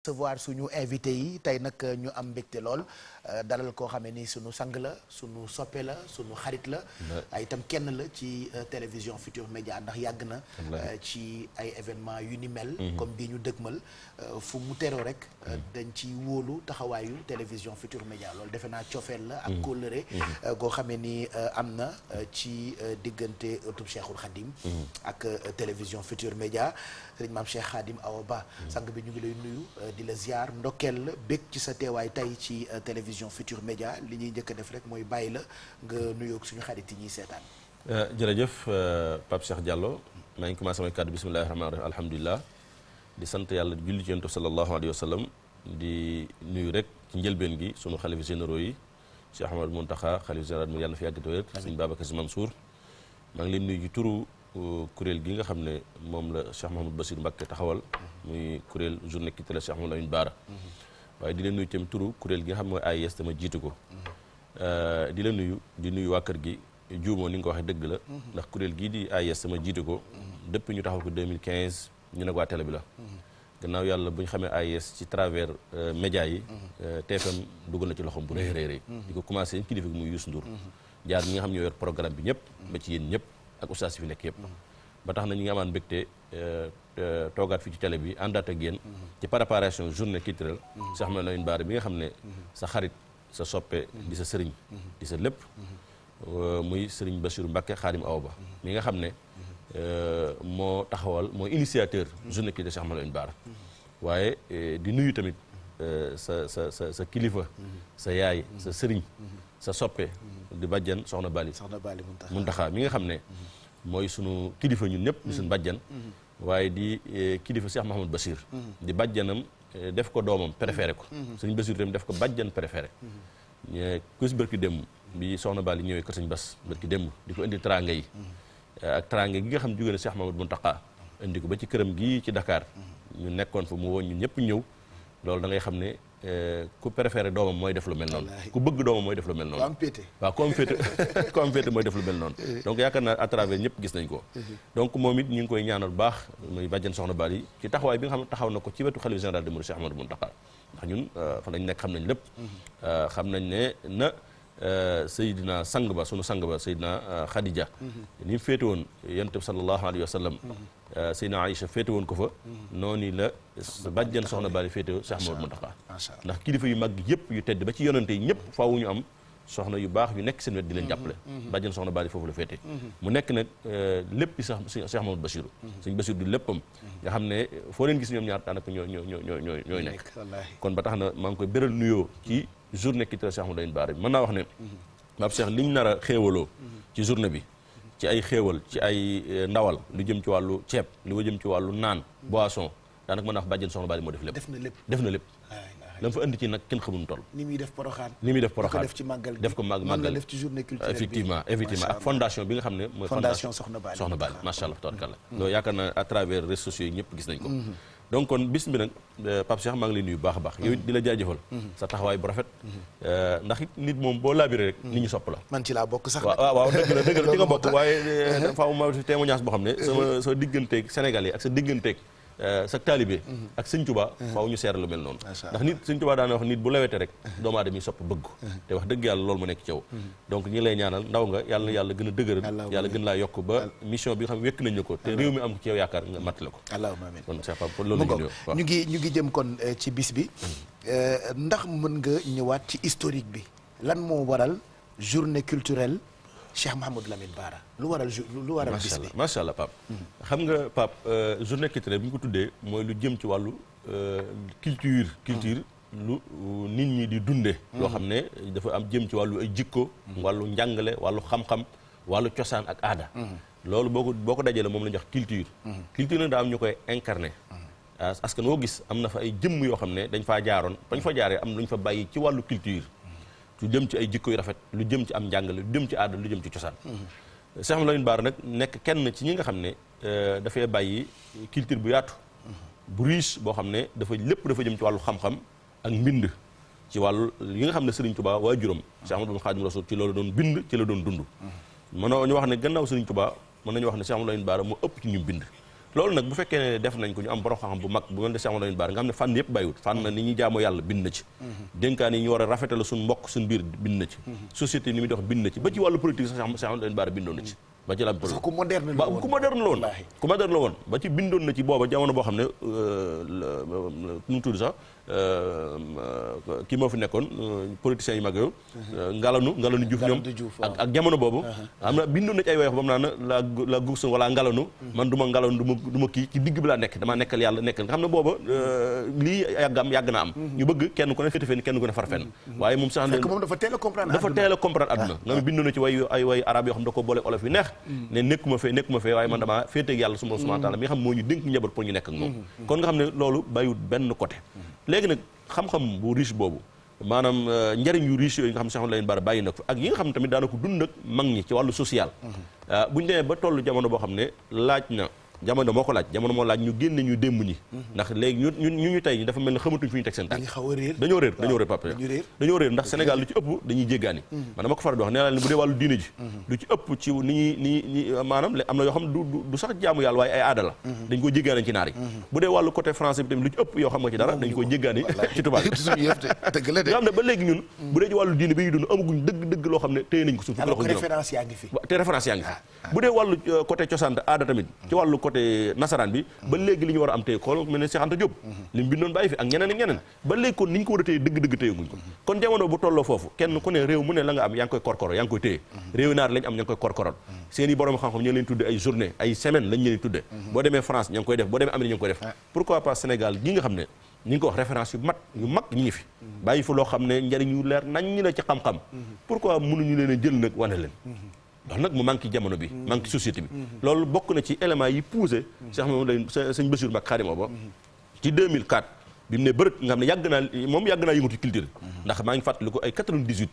recevoir suñu invité yi tey nag euh, ñu am mbégte lool euh, dalal koo xamee ni suñu sang la suñu soppee la suñu xarit la itam kenn la ci euh, télévision Futur Média ndax yàgg na ci ay événement yu ni mel mhm. comme bi ñu mal fu mu teroo rek mhm. dañ ci wóolu taxawaayu télévision Futur Média loolu defe naa cofeel la ak mhm. kóllëre goo xamee ni am na ci diggante ëttub Cheikhul Khadim ak télévision Futur Média sëriñ maam Cheikh Khadim Awa Ba sang bi ñu ngi lay nuyu euh, di la ziar ndokkeel bég ci sa teewaay tey ci euh, télévision Futur Média li ñuy njëkk a def rek mooy bàyyi la nga nuyoog suñu xarit yi ñuy seetaan. Euh, jërëjëf Pape Cheikh Diallo maa ngi commencé may kàddu bisimilah rahmaani rahiim di sant yàlla di julli ci yonent sallallahu alayhi wa sallam di nuyu rek ci njëlbeen gi sunu xalifa généraux yi Cheikh Ahmad Mountakha xalifa général mu yàlla fi yàgg tooyat. amiin suñu Babacar Si kuréel gi nga xam ne moom la Cheikh Mahamadou Bassir Mbacké taxawal muy kuréel journée ki tala Cheikh Mahamadou Lamine Bara waaye di leen nuyu itam turu kuréel gi nga xam ne mooy AIS dama jiitu ko euh, di la nuyu di nuyu waa kër gi juumoo ni nga ko waxee dëgg la ndax kuréel gii di AIS sama jiitu ko ñu taxaw ko 2015 ñu ne waa télé bi la gannaaw yàlla bu ñu xamee AIS ci travers euh, média yi euh, TFM dugg na ci loxoom bu rëy rëy rëy di ko commencé kilifa gi muy Youssou Ndour jaar ñi nga xam ñoo yor programme bi ñëpp ba ci yéen ñëpp ak ustaas fi nekk yëpp ba tax na ñu ngi amaan mbégte euh, euh, toogaat fii ci tele bi àndaat ak yéen ci préparation journée culturelle Cheikh Mawlana Lamine Bara bi nga xam ne sa xarit sa soppe di sa sëriñ di sa lépp euh, muy sëriñ Bassirou Mbacké Xaadim Awa Ba mi nga xam ne moo taxawal moo initiateur journée culturelle Cheikh Mawlana Lamine Bara waaye di nuyu tamit sa sa sa sa kilifa sa yaay sa sëriñ sa soppe di bàjjan soxna Bali Muntaxa mi nga xam ne mooy sunu kilifa ñun ñëpp di suñu mm-hmm. bàjjan mm-hmm. waaye di eh, kilifa Cheikh Mahamadou Basir mm-hmm. di bàjjanam eh, def ko doomam préféré ko sëñ Basir tamit def ko bàjjan préféré eh, kus bërki dem bi soxna Bali ñëwee ko sëñ Bas bërki dem di ko indi teraanga yi ak teraanga gi nga xam jóge na Cheikh Mahamadou Muntaxa indi ko ba ci këram gii ci dakaar ñu nekkoon fa mu woon ñun ñëpp ñëw loolu da xam ne Euh, ku préféré doomam mooy def lu mel noonu ku bëgg doomam mooy def lu mel noonu waaw ku am féete ku am féete mooy def lu mel noonu eh. donc yaakaar naa à travers ñëpp gis nañ ko eh. donc moom it ñu ngi koy ñaanal baax muy bàjjen soxna Bali ci taxawaay bi nga xam ne taxaw na ko ci wetu xalif général de Mouride Cheikh Ahmadou Mountakha ndax ñun euh, fa lañ nekk xam nañ lépp mm-hmm. euh, xam nañ ne na Seydina sang ba sunu sang ba Seydina Khadija mm-hmm. ni mu féete woon yonent bi sallallahu alayhi wa sallam mm-hmm. Euh, Seyna Aïcha féete woon ko fa mm-hmm. noonu la bàjjan soxna Bali féete Cheikh Mouhamadou Mountakha ndax kilifa yu mag yëpp yu tedd ba ci yonante yi ñëpp faaw ñu am soxna yu baax yu nekk seen wet di leen mm-hmm, jàppale mm-hmm. bàjjan soxna Bali foofu la féete mu nekk nag euh, lépp sax Cheikh Mouhamadou Bachir suñ Bachir du léppam nga xam ne foo leen gis ñoom ñaar daanaka ñoo ñoo ñoo ñoo ñooy ñooy nekk kon ba tax na maa ngi koy béral nuyoo ci journée culturelle Cheikh Mouhamadou Lamine Bara bi mën naa wax ne Pape seex liñ nar a xéewaloo ci journée ci ay xéewal ci ay e, ndawal lu jëm ci wàllu ceeb lu jëm ci wàllu naan boisson daanaka mën naa wax bàjjen soxna Bali moo def lépp def na lépp def fa indi ci nag kenn xamul toll ni muy def poroxaan ni muy def poroxaan def ci màggal def ko màgg màggal def ci journée culturelle effectivement effectivement bi nga xam ne mooy fondation soxna Bali soxna Bali macha allah tabarkalla loolu yaakaar na à travers réseaux sociaux yi ñëpp gis nañ ko mm-hmm. donc kon bis bi nag euh, Pape Cheikh leen yu lay baax a baax. yow di la jaajëfal. Mhm. sa taxawaay bu rafet. Mhm. Euh, ndax it nit moom boo laabiree rek. Mhm. nit ñi sopp la. man ci laa bokk sax waaw waaw dëgg la dëgg la ci nga bokk waaye dafa euh, am témoignage boo xam ne. sama sa digganteeg Sénégal yi ak sa digganteek Euh, sak taalibe ak sëñ Tuba faaw ñu seer lu mel noonu ndax nit sëñ Tuba daana wax nit bu lawete rek doomu aadama yi sopp bëgg te wax dëgg yàlla loolu mu nekk ci yow donc ñi lay ñaanal ndaw nga yàlla yàlla gën a dëgëral yàlla gën laa yokk ba mission bi nga xam wekk nañu ko te réew mi am ci yow yaakaar nga mattale ko allahumma amiin kon Cheikh Pape ñu ngi ñu ngi jëm kon euh, bi mm-hmm. euh, ndax mën nga ñëwaat ci historique bi lan moo waral journée culturel Cheikh Mahamadou Lamine Bara lu waral lu waral bis bi macha allah Pape hmm. xam nga Pape euh, journée culturelle bi mu ko tuddee mooy lu jëm ci wàllu euh, culture culture hmm. lu nit ñi di dunde loo hmm. xam ne dafa am jëm ci wàllu ay jikko wàllu njàngale wàllu xam-xam wàllu cosaan ak aada loolu boo ko boo ko dajale moom la jox culture culture nag daa am ñu koy incarné askan woo gis am na fa ay jëm yoo xam ne dañ faa jaaroon bañ fa jaaree am luñ fa bàyyi ci wàllu culture lu jëm ci ay jikko yu rafet lu jëm ci am njàngale lu jëm ci aada lu jëm ci cosaan Cheikh Mouhamadou Lamine Bara nag nekk kenn ci ñi nga xam ne euh, dafay bàyyi culture bu yaatu bu riche boo xam ne dafa lépp dafa jëm ci wàllu xam-xam ak mbind ci wàllu yi nga xam ne Serigne Touba waa juróom Cheikh Ahmadou Khadim Rasoul ci loolu doon bind ci la doon dund mën ñu wax ne gannaaw Serigne Touba mën nañu wax ne Cheikh Mouhamadou Lamine Bara moo ëpp ci ñu bind loolu nag bu fekkee ne def nañ ko ñu am borom xam bu mag bu mel ne Cheikh Amadou Bara nga xam ne fànn yëpp bàyyiwut fànn mm-hmm. ni ñuy jaamoo yàlla bind na ci mm-hmm. dénkaan yi ñu war a rafetala suñ mbokk suñ biir bind na ci mm-hmm. société ni muy dox bind na ci ba ci wàllu politique sax Cheikh Amadou Bara bindoon na ci ba ci la ku moderne la woon la woon ku la woon ba ci bindoon na ci booba jamono boo xam ne euh, nu mu tudd sax Euh, euh, kii moo fi nekkoon euh, politiciens yu mag yooyu. Ngalanu Ngalanu Diouf ñoom ak ak jamono boobu. Uh-huh. am na bindoon na ci ay wax ba mu naan la la gursu wala Ngalanu. Uh-huh. man du ma Ngalanu du ma du ma kii ci digg bi laa nekk damaa nekkal yàlla nekkal nga xam ne booba lii yàggam yàgg na am. Uh-huh. ñu bëgg kenn ku ne féete fenn kenn ku ne far fenn. waaye moom sax fekk moom dafa teel a comprendre dafa teel a comprendre àdduna. nga xam ne bindoon na ci way ay way arab yoo xam da ko boole olof yu neex. Mm. ne nekkuma fee nekkuma fee waaye man damaa féete ak yàlla subhanahu wa mm. taala mi nga xam moo ñu dénk njaboot pour ñu nekk ak moom mm. kon nga xam ne loolu bàyyiwut benn côté léegi nag xam-xam bu riche boobu maanaam euh, njariñ yu riche yooyu nga xam sax lañu bara bàyyi na ko ak yi nga xam tamit daana ko dund ak mag ñi ci wàllu social mhm. euh, buñu demee ba toll jamono boo xam ne laaj na jamono moo ko laaj jamono moo laaj ñu génne ñu démb ñi mhm. ndax léegi ñu ñu ñi dafa mel ne xamatuñ fu ñu teg seen tànk dañoo réer dañoo réer papa dañoo réer ndax Sénégal lu ci ëpp dañuy jéggaani mhm. man dama ko mhm. ko jéggaani ci naar bu dee wàllu côté bi tamit lu ci ëpp dëgg dëgg loo xam ne téye nañ ko suñu fukki loxo te référence yaa ngi fi ah, ah. bu dee wàllu euh, côté cosaan aada tamit ci wàllu côté nasaraan bi ba léegi li ñu war a am tey xool mel ne Cheikh Anta Diop li mu bindoon bàyyi fi ak ñeneen ak ñeneen ba léegi kon ni ñu ko war a téye dëgg-dëgg téye guñ ko kon jamono bu tolloo foofu kenn ku ne réew mu ne la nga am yaa ngi koy korkoro yaa ngi koy téye réew naar lañ am ña koy korkoral seen i borom xam-xam ñu ngi leen tudde ay journée gi nga xam ne ñi ngi ko wax référence yu mat yu mag ñi ngi fi bàyyi fa loo xam ne njariñ leer nañ ñi la ci xam-xam mm-hmm. pourquoi mënuñu leen a ndax nag mu manqué jamono bi manqué société bi loolu bokk na ci élément yi poussé si xam ne sëñ Bassirou Mbacké Khadim Awa ci 2004 bi mu ne bërët nga xam ne yàgg naa moom yàgg naa yëngatu culture ndax maa ngi fàttaliku ay 98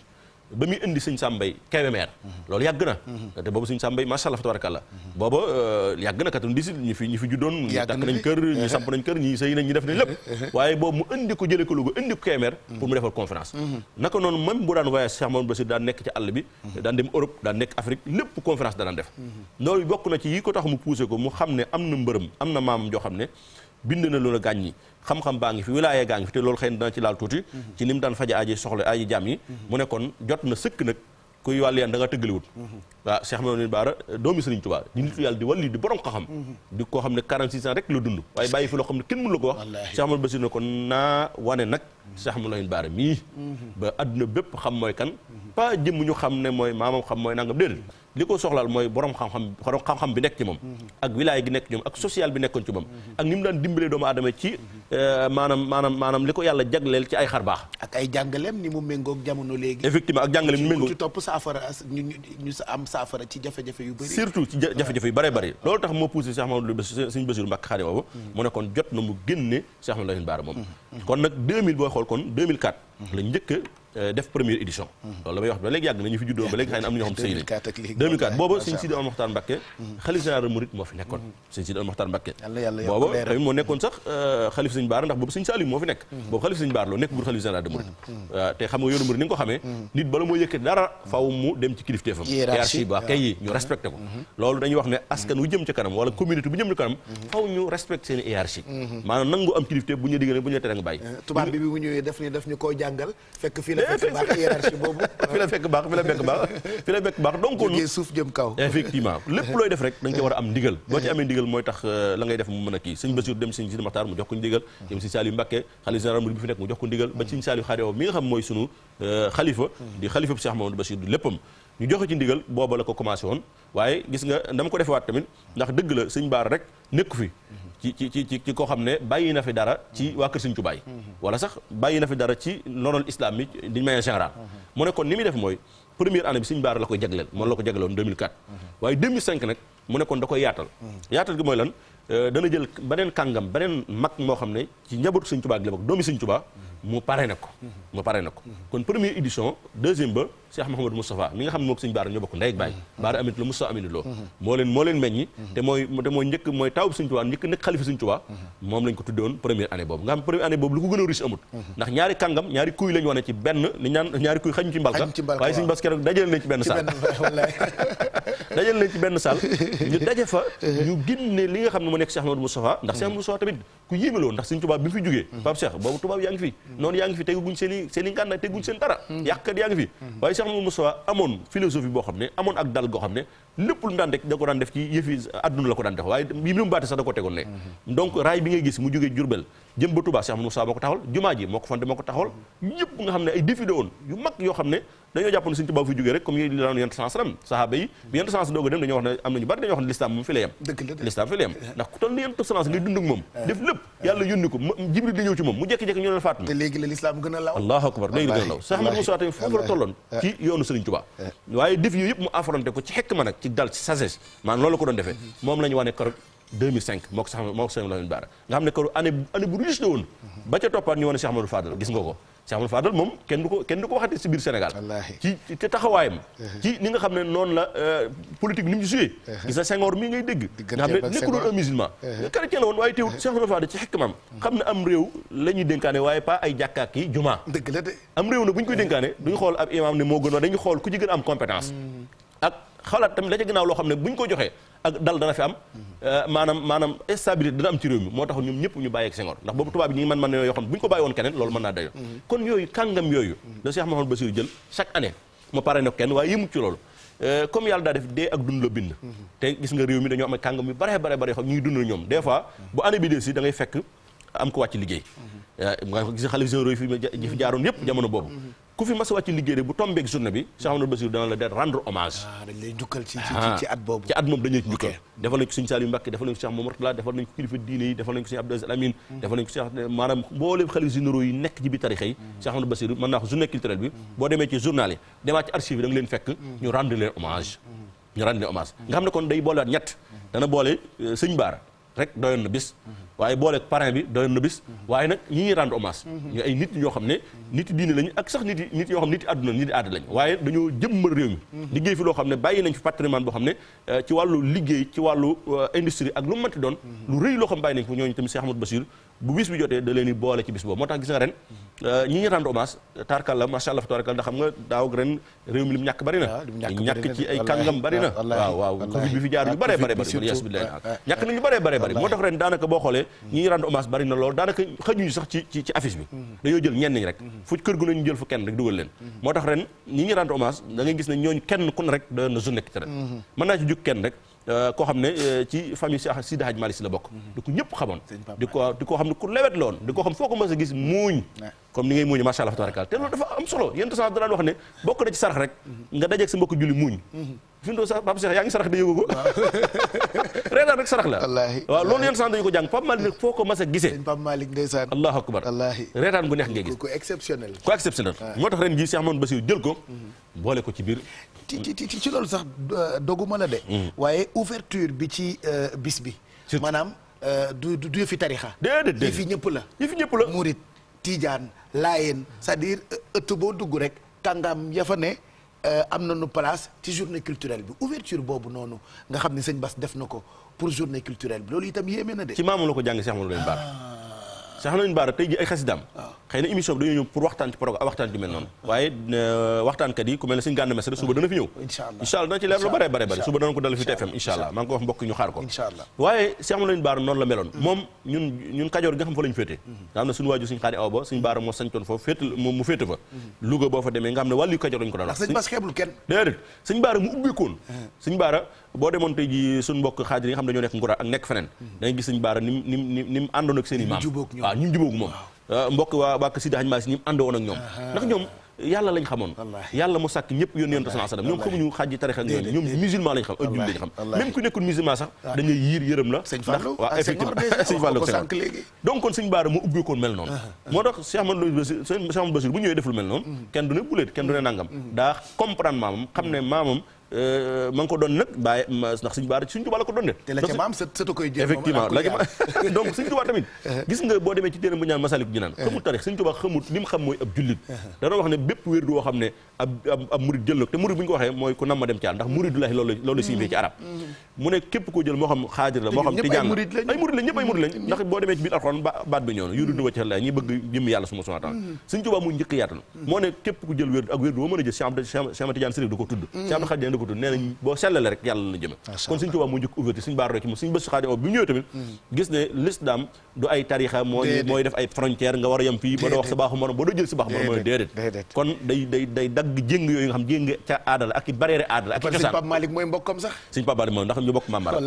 ba muy indi sëñ sàmbay Kébémer loolu yàgg na te boobu sëñ sàmbay macha allah tabarakallah booba euh, yàgg na 98 ñi fi ñi fi juddoon ñi takk nañ kër ñi samp nañ kër ñi sëy nañ ñi def nañ lépp waaye boobu mu indi ko jële ko Louga indi ko pour mu defal conférence naka noonu même bu daan voyage Cheikh Mamadou Bassir daan nekk ci àll bi daan dem Europe daan nekk Afrique lépp conférence daan def loolu bokk na ci yi ko tax mu poussé ko mu xam ne am na mbërëm am na maam joo xam ne bind na loolu gàññi xam-xam baa ngi fi wilaaya gaa ngi fi te loolu xëy na dana ci laal tuuti mhm. ci ni mu daan faja aji soxla aji jaam yi mhm. mu ne kon jot na sëkk nag kuy wàllu yaan da nga tëggaliwut mhm. waaw Cheikh Mamadou Bara doomi Serigne Touba di nitu yàlla di wàlli di borom xam-xam di koo xam ne 46 ans rek la dund waaye bàyyi fi loo xam ne kenn mënu la ko wax Cheikh Mamadou Bassirou ne kon naa wane nag Cheikh Mamadou Bara mii ba adduna bépp xam mooy kan pas jëmm ñu xam ne mooy maamam xam mooy nangam déedéet li ko soxlaal mooy borom xam-xam borom xam bi nekk ci moom mm-hmm. ak wilaay gi nekk ci moom ak social bi nekkoon ci moom mm-hmm. ak ni mu mm-hmm. eh, maanaam maanaam li ko yàlla jagleel ci ay xar baax ak ay jàngaleem ni mu méngoog jamono léegi effectivement ak jàngaleem ni mu méngoo topp saafara ñu ñu sa am saafara ci surtout ci jafe-jafe yu bëree bëri loolu tax moo poussé Cheikh Ahmadou Serigne Bassirou Mbacké Khadim boobu mu ne kon jot na mu génne Cheikh Ahmadou Lamine Bara moom kon nag 2000 boo xool kon 2004 la njëkk Euh, def première édition mhm. loolu la may wax ne askan wu mhm. jëm ca kanam wala communauté bu jëm ca kanam mhm. faw ñu respecté seen hiérarchie maanaam nangu am kilifteef bu ñu digal bu ñu tere nga bàyyi tubaab bi bi bu ñëwee daf ni daf ñu koo jàngal fekk fii la la fekk eh, baax hiérarchie boobu. fi la fekk baax fi la fekk baax fi la fekk baax donc. jógee suuf jëm kaw. lépp looy def rek da nga ci war a am ndigal. Eh. boo ci amee ndigal mooy tax euh, la ngay def mu mën a kii sëñ Basiir dem sëñ Sidi mm-hmm. dem sëñ Saliou mu jox ko ndigal. ba sëñ Saliou Xaareew mi nga xam mooy sunu euh, xalifa. Mm-hmm. di xalifa bi Cheikh Mamadou Basiir di léppam. ñu joxe ci ndigal booba la ko commencé woon waaye gis nga dama ko defewaat tamit ndax dëgg la sëñ Baara rek nekk fi mm-hmm. ci ci ci ci koo xam ne bàyyi na fi dara ci waa kër Sëriñ Tuubaa yi wala sax bàyyi na fi dara ci loral islam mi d'une manière générale mu ne ni muy def mooy première année bi Sëriñ la koy jagleel moom la ko jagleewoon 2004 waaye 2005 nag mu ne kon da koy yaatal yaatal gi mooy lan euh, dana jël beneen kàngam beneen mag moo xam ne ci njabootu Sëriñ Tuubaa gi la bokk doomi Sëriñ Tuubaa mu pare ko mu parrainé ko kon première édition deuxième ba Cheikh Mouhamadou Moustapha mi nga xam ne mook sëñ Baara ñoo bokk ndey ak baay mm-hmm. Baara amit mm-hmm. moo leen moo leen meññi mm-hmm. te mooy te mooy njëkk nekk xalifa sëñ ko tudde woon première année boobu nga xam a riche amut ndax ñaari kàngam benn li fa ñu génne xam ne moo nekk Cheikh Mouhamadou tamit ku yéeme la woon ndax sëñ Tuubaa bi mu fi jógee Pape Cheikh boobu tubaab yaa ngi fi noonu yaa ngi fi teguñ seen i seen i ngànnaay teguñ seen dara mm-hmm. yàqkat yaa ngi fi mm-hmm. waaye Cheikh Mamadou Moussa amoon philosophie boo xam ne amoon ak dal goo xam ne lépp lu daan rek da ko daan def ci yëfi adduna la ko daan def waaye mbirum baate sax da ko tegoon ne mm-hmm. donc raay bi ngay gis mu jógee Jurbel jëm ba Touba Cheikh xam ne ay am ne lislaam moom fi la yem moom mu foofu la tolloon eh. ci yoonu Sëriñ Tuubaa eh. waaye défi yooyu yëpp mu affronté ko ci xekk ma nag ci dal ci sagesse maanaam loolu ko doon defee mm-hmm. moom la ñu wane keroog 2005 moo ko sax moo ko sëñ Lamine Bara nga xam ne karu année année bu riche la hmm. ba ca toppaat ñu wane Cheikh Amadou Fadal gis nga ko Cheikh Amadou Fadal moom kenn du ko kenn du ko waxati si biir Sénégal ci ci taxawaayam uh-huh. ci ni nga xam ne noonu la euh, politique ni mu suyee uh-huh. gis na Senghor mii ngay dégg nga xam ne nekkul woon un musulman uh-huh. chrétien la woon waaye teewul Cheikh Amadou Fadal ci xikmam hmm. xam ne am réew la ñuy waaye pas ay jàkkaak yi jumaa dëgg la am réew na bu ñu koy dénkaane xool ab imam moo gën wax xool ku ci gën am compétence hmm. ak xalaat tamit loo xam ne bu ñu joxee ak dal dana fi am euh, maanaam maanaam stabilité dana am ci réew mi moo tax ñu bàyyi ak ndax boobu tubaab yi ñu ngi man man yoo xam bu ñu ko bàyyi woon keneen loolu mën naa dayo mm-hmm. kon yooyu kàngam yooyu la Cheikh Mouhamadou euh, mm-hmm. nga réew mi bare bare bare yoo xam ñuy dund ñoom des bu année bi dee si da fekk am ko wàcc liggéey mm-hmm. euh, nga gis xale généraux yi fi jaaroon yëpp jamono boobu ku fi mas a wàcc liggéey rek bu tombeeg journée bi Cheikh Amadou Bassirou dana la de rendre hommage ah, dañ lay jukkal ci ah. ci at boobu ci at moom dañuy jukkal defal defal nañ ko Cheikh Mamadou Talla defal nañ ko kilifa diine yi defal nañ hmm. yi nekk ci biir tarixa yi hmm. Cheikh Amadou Bassirou mën naa wax journée bi hmm. boo demee ci journal yi demaat ci archive yi da leen fekk ñu rendre leen hommage ñu rendre leen hommage nga xam ne kon day boolewaat ñett dana euh, rek doyoon na bis waaye booleeg parrain bi doyoon na bis waaye nag ñi ñuy rendre hommage ñu ay nit ñoo xam ne nit diine lañu ak sax nit nit yoo xam ne nit àdduna nit aada lañu waaye dañoo jëmmal réew mi liggéey fi loo xam ne bàyyi nañ fi patrimoine boo xam ne eh, ci wàllu liggéey ci wàllu eh, industrie ak lu mu mënti doon lu rëy loo xam bàyyi nañ fi ñooñu tamit Cheikh Ahmadou Bassirou bu bis bi jotee da leen boole ci bis boobu moo tax gis nga ren euh, ñi ñu rendre hommage la macha allah fa tabarakal ndax xam nga daaw ren réew mi lim ñàkk bari na ah, ñàkk ci ay kàngam bare bare bari moo tax ren daanaka boo xoolee mm. ñi ñu rendre hommage bari na lool daanaka xëjuñu sax ci ci bi mm. dañoo jël ñenn rek mm. fu kër gu nañu jël fu kenn rek dugal leen moo tax ren ñi ñu rendre hommage gis ne ñooñu kenn ku ne rek da na journée ci ren rek Euh, koo xam ne euh, ci famille Cheikh Sidi Hadj Malick la bokk mhm. di ko ñëpp xamoon di ko di ko xam ne ku lewet la di ko xam foo ko mës a gis muuñ comme ni ngay muuñe dafa am solo yéen sax daan wax ne bokk na mhm. sa mbokk julli muuñ mhm. fi mu sax yaa ngi sarax de yëgu ko reetaan rek sarax la waaw loolu yéen sax dañu ko jàng Pape Malick nag foo ko mas a gisee sëñ Pape Malick ndeysaan allahu akbar wallaahi reetaan gu neex ngay gis ku exceptionnel ku exceptionnel moo tax ren jii Cheikh Mamadou Bassirou jël ko boole ko ci biir ci ci ci loolu sax euh, doguma la de. Mm. waaye ouverture bi ci euh, bis bi. maanaam euh, du du yëfi tarixa. déedéet yëfi ñëpp la. yëfi ñëpp la Murit tiijaan Laayeen c'est-à-dire ëtt boo dugg rek kàngaam ya fa ne. am na nu place ci journée culturelle bi ouverture boobu noonu nga xam ne sëñ Bass def na ko pour journée culturelle bi loolu itam yéeme na de. ci maamu la ko jàng Cheikh Mouhamadou Lamine Bara. Ah. Cheikh Mouhamadou ñu Bara tey ji ay xasidaam. Ah. xay na émission bi dañoo ñëw pour waxtaan ci programme waxtaan ju mel noonu waaye euh, waxtaankat yi ku mel ne suñu gànd mesere suba dana fi ñëw incha allah dana ci leer lu bare bare bare suba dana ko dal fi TFM mm-hmm. mm-hmm. mm-hmm. feneen da gis sëñ baara ni mu ni àndoon ak seen maam waaw ñu jubóog moom Ah, mbokk waa waa Sidi Hadj Malick si ñi àndoon ak ñoom ndax ñoom yàlla lañ xamoon yàlla mu sàkk ñëpp yónni yonent sallallahu alayhi wasallam ñoom xamuñu xaaji tarixa ak ñoom musulman lañ xam ak jullit lañ xam même ku nekkul musulman sax ah. dañuy yiir yërëm la ndax waaw ah, effectivement sëñ mu ñëwee deful mel noonu mm-hmm. kenn du ne buleet kenn du ne nangam mm-hmm. daa comprendre maamam xam ne maamam Euh, ma ngi ko doon nag bàyyi ndax suñu baara suñ tubaab la ko doon de. te la ca maam sëtu la ca ne bépp wér jël te murid bu ñu ko mm-hmm. mm-hmm. jël moo xam xaadir la tijaan la ay murid lañ ñëpp ay mm-hmm. na yudu ne du la ko tudd nee nañ boo seetlee rek kon mm. a day day dagg jéng yooyu nga xam jéng ca aadala ak i barrière aadala ak i cosaan Pape Malick mooy sax suñu Pape mooy ndax ñu bokk mamara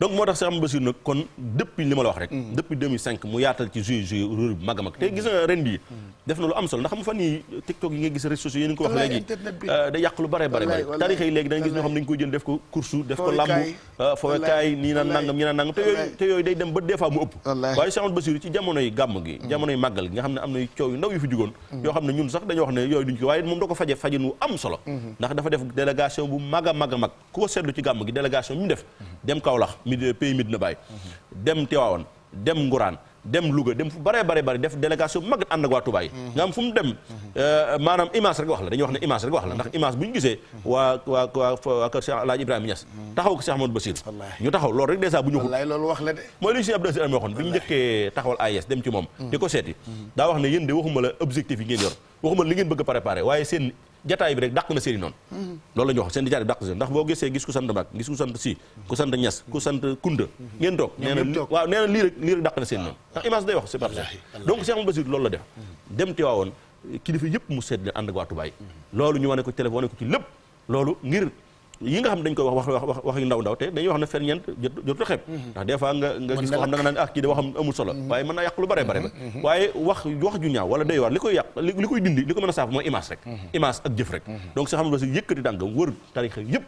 donc moo tax Cheikh Bassirou nag kon depuis li wax rek mm. depuis mu yaatal ci juillet juillet rôle mag a te gis nga ren mm. def na lu am solo ndax xam fan yi TikTok yi nga gis réseaux sociaux yéen ko wax léegi euh, day yàq lu bare bare bare tarixa yi léegi ngay gis ñoo xam dañ koy jël def ko course def ko làmb fowekaay ah, nii na nangam ñi na nangam te yooyu te yooyu day dem ba des mu ëpp waaye Cheikh Amadou Bassirou ci jamonoy gàmm gi mm. jamonoy màggal gi nga xam ne am na coow yu ndaw yu fi jugoon mm. yoo xam ne ñun sax dañoo wax ne yooyu duñ ko waaye moom da ko faje fajin wu am solo mm-hmm. ndax dafa def délégation bu mag a mag a ku ko seetlu ci gàmm gi délégation mu def mm-hmm. dem Kaolack mi pays Medina Baye mm-hmm. dem Tivaouane dem Ngourane dem Louga dem fu bare bare bare def délégation bu mag ànd ak waa Touba yi mhm. nga xam fu dem mhm. euh, maanaam image rek wax la dañuy wax ne image rek wax la ndax mhm. image bu gisee waa waa waa waa kër Cheikh Alaaji taxaw ko Cheikh Amadou ñu taxaw lool rek dèjà bu ñu xul mooy li si Abdou Aziz Al waxoon bi mu njëkkee taxawal dem ci moom di ko seeti daa wax ne yéen de waxuma la objectif yi ngeen yor waxuma li ngeen bëgg a préparé waaye seen jataay bi rek dàq na seeni noonu mm-hmm. loolu la ñu wax seen jataay bi dàq na ndax boo gisee gis ku sant Mbàkke gis ku sant Si ku sant Ñas mm-hmm. ngeen toog nee lii rek dàq na seeni noonu ah. ndax image day wax c'est donc Cheikh Amadou Bassirou loolu la def mm-hmm. dem Tiwaawoon kilifa yëpp mu seet leen ànd ak waa Tuubaa loolu ñu wane ko téléphone ko ci lépp loolu ngir yi nga xam dañ koy wax wax wax ndaw ndaw te dañuy wax ne fen ñeent jotu xeeb mhm. ndax des nga nga gis ko xam da nga naan ah, kii da waxam amul solo mhm. waaye mën naa yàq lu bare bare ba mhm. waaye wax wax ju ñaaw day war li koy yàq li koy dindi li ko mën a saaf mooy image image ak jëf rek donc soo xam ne si yëkkati dàngam wër tarixa yëpp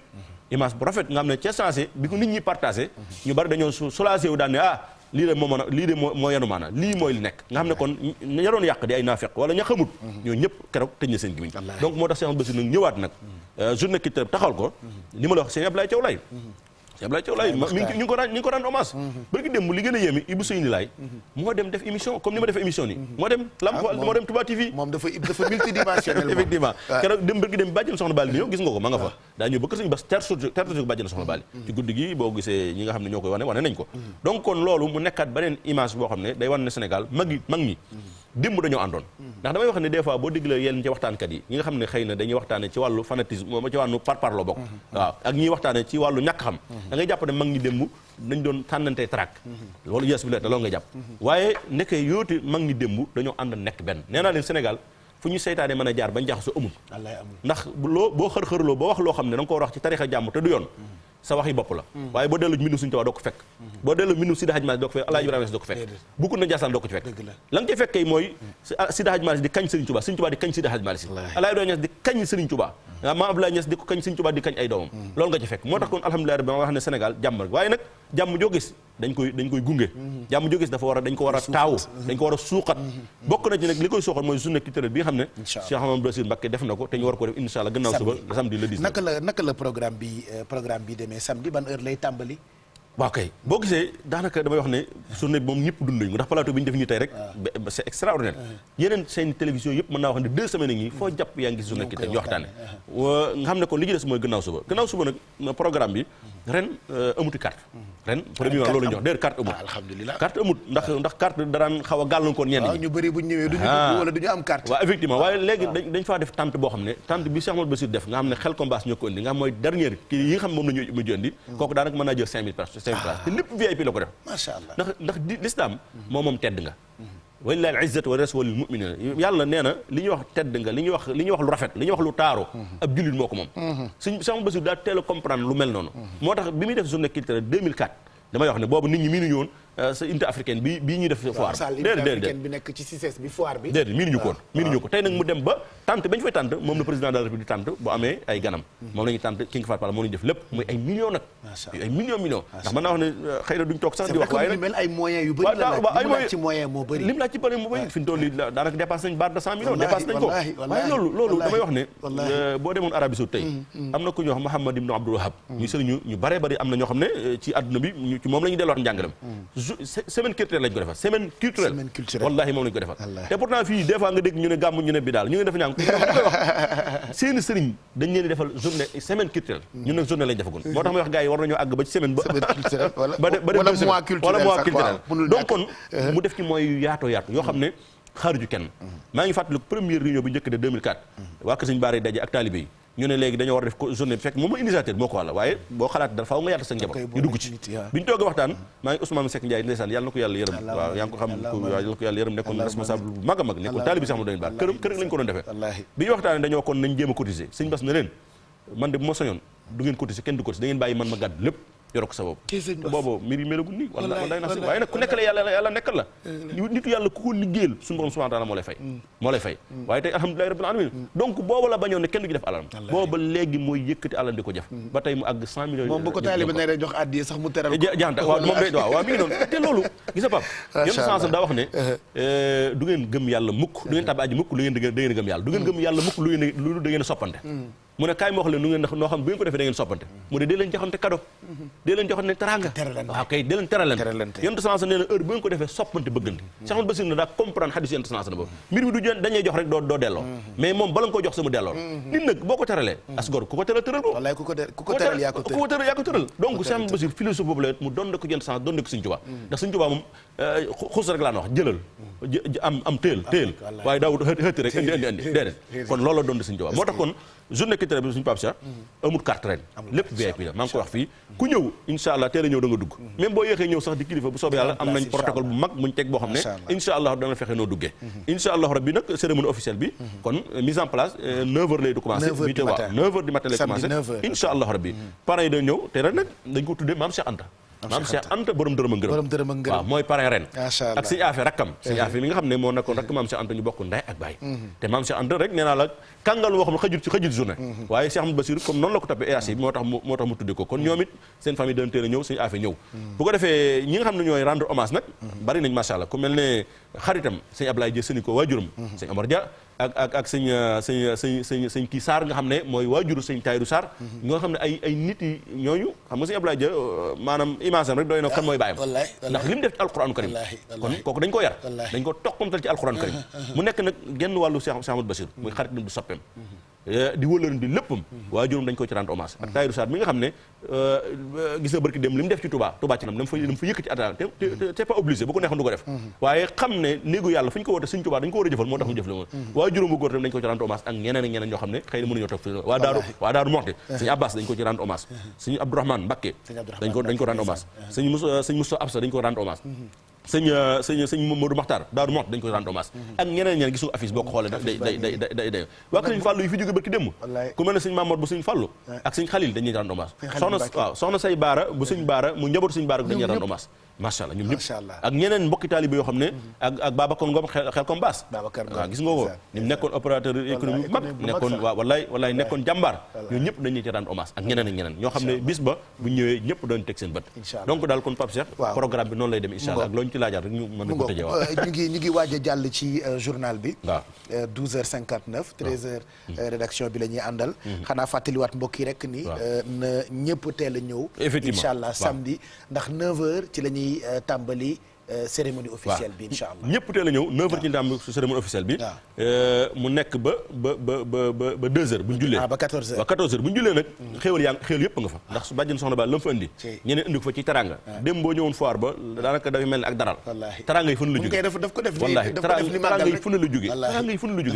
image bu rafet nga xam ne ca bi ko nit ñi partagé ñu bari dañoo soulagé daan ne ah lii de moo mën a lii de moo yenu maana lii mooy li nekk nga xam ne kon ña doon yàq di ay naafeq wala ña xamut mhm. ñoo ñëpp keroog tëj seen gimiñ donc moo tax seen bés ñëwaat nag mhm. euh, journée culturelle taxal ko mhm. ni ma la wax seen Ablaye Thiaw lay Abdoulaye Thiaw Laye ñu ko ñu ngi ko rendre hommage mm-hmm. bërki démb li gën a yéemi mm-hmm. moo dem def émission comme ni ma defee émission ni mm-hmm. moo dem lam ah, moo dem Touba TV dafa dafa multidimensionnel effectivement ah. keroog dem bërki démb bàjjen soxna Bali bi ñëw gis nga ko ma fa ah. daa ñëw bëkk suñu bas tertu tertu bàjjen soxna Bali ci guddi gi boo gisee ñi nga xam ne ñoo koy wane wane nañ ko donc kon loolu mu nekkaat beneen image boo xam ne day wan ne Sénégal mag yi mag démb dañoo àndoon ndax damay wax ne des fois boo déglee yenn ci waxtaankat yi ñi nga xam ne xëy na dañuy waxtaane ci wàllu fanatisme ma ci wàllu par parlo bokk mhm. waaw ak ñiy waxtaane ci wàllu ñàkk xam mhm. da ngay jàpp ne mag ñi démb dañ doon tànnante track loolu yes bi la nga jàpp mhm. waaye ndekkee yoote mag ñi démb dañoo ànd nekk benn nee naa leen Sénégal fu ñu seytaane mën a jaar bañ jaxasoo amul ndax loo boo xër-xërloo boo wax loo xam ne da nga ko wax ci tarixa jàmm te yoon sa waxi bopp la mm. waaye boo delloo mbindum suñu Tuubaa doo ko fekk mm-hmm. boo delloo mbindum Sidi Hadj Malick doo ko fekk Alaaji na Njaasaan doo ko ci fekk la nga fekk kay mooy mm. ah, Sidi Hadj Malick di kañ Sëriñ Tuubaa Sëriñ di kañ Sidi Hadj mm. ah, di kañ ay doomam loolu nga ci fekk moo tax kon alhamdulilah rabbi ma wax ne Sénégal jàmm rek waaye nag jàmm joo dañ koy dañ koy gunge mhm. jàmm joo gis dafa war a dañ ko war a taaw mhm. dañ ko war a suuqat mhm. bokk na ci nag li koy suuqat mooy journée culturelle bi nga xam ne Cheikh Ahmadou Bassirou Mbacké def na ko te ñu war ko def insha allah a suba samedi le 19 naka la naka la programme bi euh, programme bi demee samedi ban heure lay tàmbali waaw kay boo gisee daanaka damay wax ne journée bi moom ñëpp dund nañu ndax plateau bi ñu def ñu tey rek ah. extraordinaire yeneen seen télévision yëpp mën naa wax ne deux semaines yi foo jàpp yaa ngi journée ki tey ah. nga xam ne a kooku daanaka mën naa jël cinq mille personnes cinq place ah. te lépp VIP la ko def ndax ndax di moo moom tedd nga walillahi al-izzatu wa rasul wal mu'minina yàlla nee li ñuy wax tedd nga li ñuy wax lu rafet li ñuy wax lu taaru mhm. ab jullit moo ko moom mhm. suñ sama bésu daa teel a lu mel noonu moo tax bi muy def journée culturelle 2004 damay wax ne boobu nit ñi miinuñu Euh, sa unité africaine bi bii ñuy def foire bi déedéet africaine bi nekk ci CICES ko tey nag mu dem ba tànt ba ñu fay tànt moom le président de la république tànt bu amee ay ganam hmm. moom la tànt King Fahd Palace moom la def lépp muy ay millions mu laaj semaine culturelle lañ ko defal semaine culturelle semaine moom lañ ko defal te pourtant fii des nga dégg ñu ne gàmm ñu bi daal ñu ngi def ko seeni sëriñ dañ leen di defal journée semaine culturelle mm. ñun nag journée lañ defagun moo tax may wax gars war nañoo àgg ba ci semaine ba ba de wala mois culturel donc mu def ci mooy yaatoo yaatu yoo xam ne mm. xaaruju kenn mm. maa ngi fàttaliku première réunion bu njëkk de waa kër Sëñ Baara yi daje ñu ne léegi dañoo war def journée fekk moom mooy initiateur moo ko wàlla waaye boo xalaat dara faaw nga yaatal sa njaboot ñu dugg ci ah. bi ñu toog waxtaan maa ngi Ousmane Seck Ndiaye yàlla na ko yàlla yërëm waaw yaa ko xam yàlla a taalibi sax mu doon baax kër kër lañ ko doon defee bi ñu waxtaanee dañoo kon nañ jéem a cotiser sëñ Bass na leen man de bu sañoon du ngeen cotiser kenn du cotiser da bàyyi man ma gàddu lépp yoroo ko sa bopp boobu mbir yi melagul nii wala waaye nag ku nekk la yàlla yàlla la nitu yàlla ku ko liggéeyal suñu borom subhanahu wa taala moo lay fay mm. moo lay fay mm. waaye tey alhamdulilahi rabbil alamin mm. donc booba la bañoon ne kenn du ci def alalam booba léegi mooy yëkkati alal di ko jëf ba tey mu àgg cent millions moom ko taaliba ne jox addiye sax mu teral eh, ko jaanta waaw moom day waaw waaw mi ngi noonu te loolu gis nga pap yéen sens daa wax ne eh, du ngeen gëm yàlla mukk du ngeen tabi aji mukk lu ngeen mu ne kaay ma wax leen nu ngeen noo xam bu ngeen ko defee da soppante mu dee dee leen joxante teranga waaw kay dee leen teralante yonent sansa nee na heure bu ngeen ko defee soppante bëggante Cheikh Ahmad Basir na daa philosophie boobu la mu donde ko yonent donde ko Sëriñ Tuubaa mm. ndax Sëriñ Tuubaa moom euh, xus rek laa na jëlal am am téel téel waaye daawut xëti rek indi indi indi déedéet kon loolu la doon Sëriñ moo tax kon journée culturelle bi suñu Pape Cheikh mhm. amul carte ren lépp VIP la maa ngi koy wax fii ku ñëw insha allah teel ñëw da dugg mhm. même boo yéexee ñëw sax di kilifa bu soobee yàlla am nañ protocole bu mag muñ teg boo xam ne insha allah dana fexe noo duggee mhm. insha allah rabbi nag cérémonie officielle bi kon euh, mise en place 9 euh, lay du commencé huit heures waaw 9 matin lay commencé insha allah rabbi parents yi dañ ñëw te ren nag dañ ko tuddee maam Anta maam Cheikh Anta borom dërëm ak ngërëm borom mooy parrain ren ak sëñ Afe rakkam sëñ Afe mi nga xam ne moo nekkoon maam Cheikh Anta ñu bokk ndaay ak baay mhm. te maam Cheikh Anta rek nee la kàngal woo xam ne xajul ci xajul journée mhm. waaye Cheikh Ahmadou Bassirou comme noonu la ko toppee EAC bi moo tax mu tudde ko kon ñoom seen famille doon teel ñëw sëñ Afe ñëw mhm. bu ko defee ñi nga xam ne ñooy rendre hommage nag bari nañ macha allah ku mel ne xaritam sëñ Ablaye Dia sëni ak ak ak sëñ euh, sëñ euh, sëñ sëñ sëñ kii Sarr nga xam ne mooy waajuru sëñ Tayru Sarr mhm. ñoo xam ne ay nit ñooñu xam nga sëñ Abdoulaye Dia euh, maanaam image am rek doy na kan mooy bàyyam ndax li mu def ci alquranu karim kon kooku dañ ko yar dañ ko toqamtal ci alquranu karim mu nekk nag genn wàllu Cheikh Ahmadou Bassirou muy xarit dam du soppeem mhm. Eh, di wëlëran di léppam waa juróom dañ ko ci rendre hommage ak Tahirou Sarr mi nga xam ne eh, eh, gis barki dem li mu def ci Touba Touba ci nam dam fa dam fa yëkkati ataal te pas obligé bu ko neexoon du def mm-hmm. waaye xam ne néegu yàlla fu ñu ko woote Sëñ Touba dañ ko war a jëfal moo tax mu jëf waa juróom bu dañ ko ci rendre hommage ak ñeneen ak ñoo xam ne xëy na mënuñoo toog fi waa daaru waa daaru Abbas dañ ko ci rendre hommage mm-hmm. sëñ Abdourahmane Mbacké dañ ko dañ ko sëñ euh, sëñ sëñ Modou Makhtar Daaru Mot dañ koy rendre mhm. ak ñeneen ñeneen gisul affiche boo ko xoolee day day day day day Fàllu yi fi jóge barki démb ku mel ne sëñ Mamour bu sëñ Fàllu ak sëñ Xalil dañuy rendre hommage soxna say baara bu sëñ baara mu njabootu sëñ baara dañuy rendre hommage macha allah ñoom ñëpp ak ñeneen mbokki taalibe yoo xam ne ak ak Babacar Ngom xel kom baas waaw ah, gis nga ko ni nekkoon opérateur économique bu mag nekkoon jàmbaar ñoom ñëpp daal kon Pape Cheikh programme bi noonu lay dem incha allah ak loo ñu ci laajaat a jàll ci euh, journal bi waaw 12 euh, mm. euh, rédaction bi la àndal mm-hmm. xanaa fàttaliwaat mbokk yi rek ni ñëpp teel ñëw effectivement samedi ndax 9 ci la di euh, tàmbali Euh, cérémonie officielle bi incha allah ñëpp teel a ñëw 9 heures ci ndam su cérémonie officielle bi euh, mu nekk ba ba ba ba ba 2 heures bu ñu jullee ah, ba 14 heures bu ñu nag mm. xéewal yaa xéewal yëpp nga fa ndax su bàjjen soxna baal la mu fa indi ñeneen indi ko fa ci taranga ah. dem boo ñëwoon foire ba daanaka dafay mel ni ak daral taranga yi fu la jóge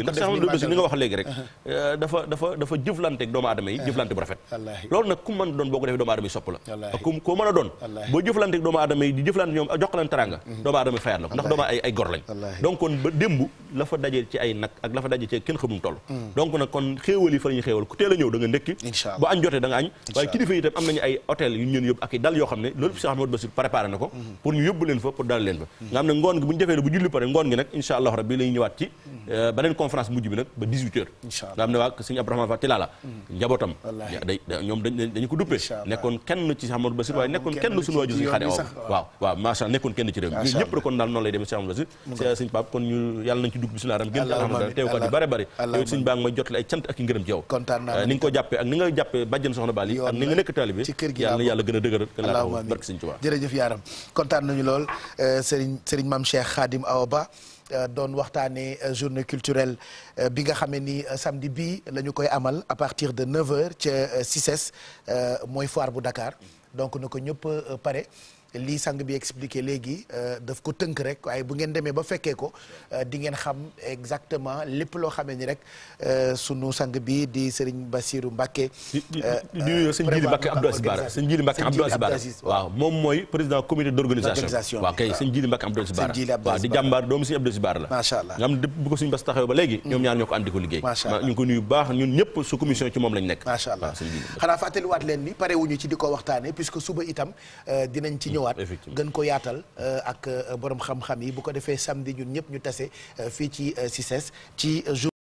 ndax sax do ni nga wax léegi rek uh-huh. euh, dafa dafa dafa jëflante doomu aadama yi uh-huh. jëflante bu rafet loolu nag ku mën doon boo ko defee doomu aadama yi sopp la ko mën doon boo doomu aadama fayaat la ko ndax doomu ay ay la fa daje ci ay nag la mm. ko mm-hmm. pour ñu yóbbu leen mm-hmm. la mm-hmm. euh, ko duppee nekkoon kenn ci Cheikh Ahmadou Bassir waaye nekkoon kenn suñu waajur suñu xade waaw waaw nekkoon kenn ci réew ñëpp si am la si sëñ Pape kon ñu yàlla nañ ko di bare bare yow sëñ baa ngi may jottali ay cant ak i ngërëm ci yow kontaan naa eh, ni nga ko jàppee ak ni nga jàppee bàjjen ak ni nga nekk taalibe yàlla na yàlla gën a laa barke sëñ jërëjëf yaaram kontaan nañu lool eh, sëriñ sëriñ Maam Cheikh Awa Ba eh, doon waxtaanee journée culturelle bi nga xamee ni samedi bii la ñu koy amal à partir de 9h ca CICES mooy foire bu Dakar donc na ko ñëpp pare lii sang bi expliqué léegi euh, daf ko tënk rek waaye bu ngeen demee ba fekkee ko euh, di ngeen xam exactement lépp loo xamee ni rek euh, sunu sang bi di Serigne Bassirou Mbacké. di nuyu sëñ Jili Mbacké Abdou Aziz Bara di jàmbaar doomu sëñ Abdou Aziz Bara la macha allah bu ko suñu bas taxawee ba léegi ñoom ñaar ñoo ko àndi ko liggéey ñu ko nuyu baax ñun ñëpp su commission ci moom lañ nekk macha allah xanaa fàttaliwaat leen ni pare ci di ko waxtaane puisque suba itam dinañ ci ñëw ñëwaat gën ko yaatal euh, ak euh, borom xam-xam yi bu ko defee samedi ñun ñëpp ñu tase euh, fii ci CICES ci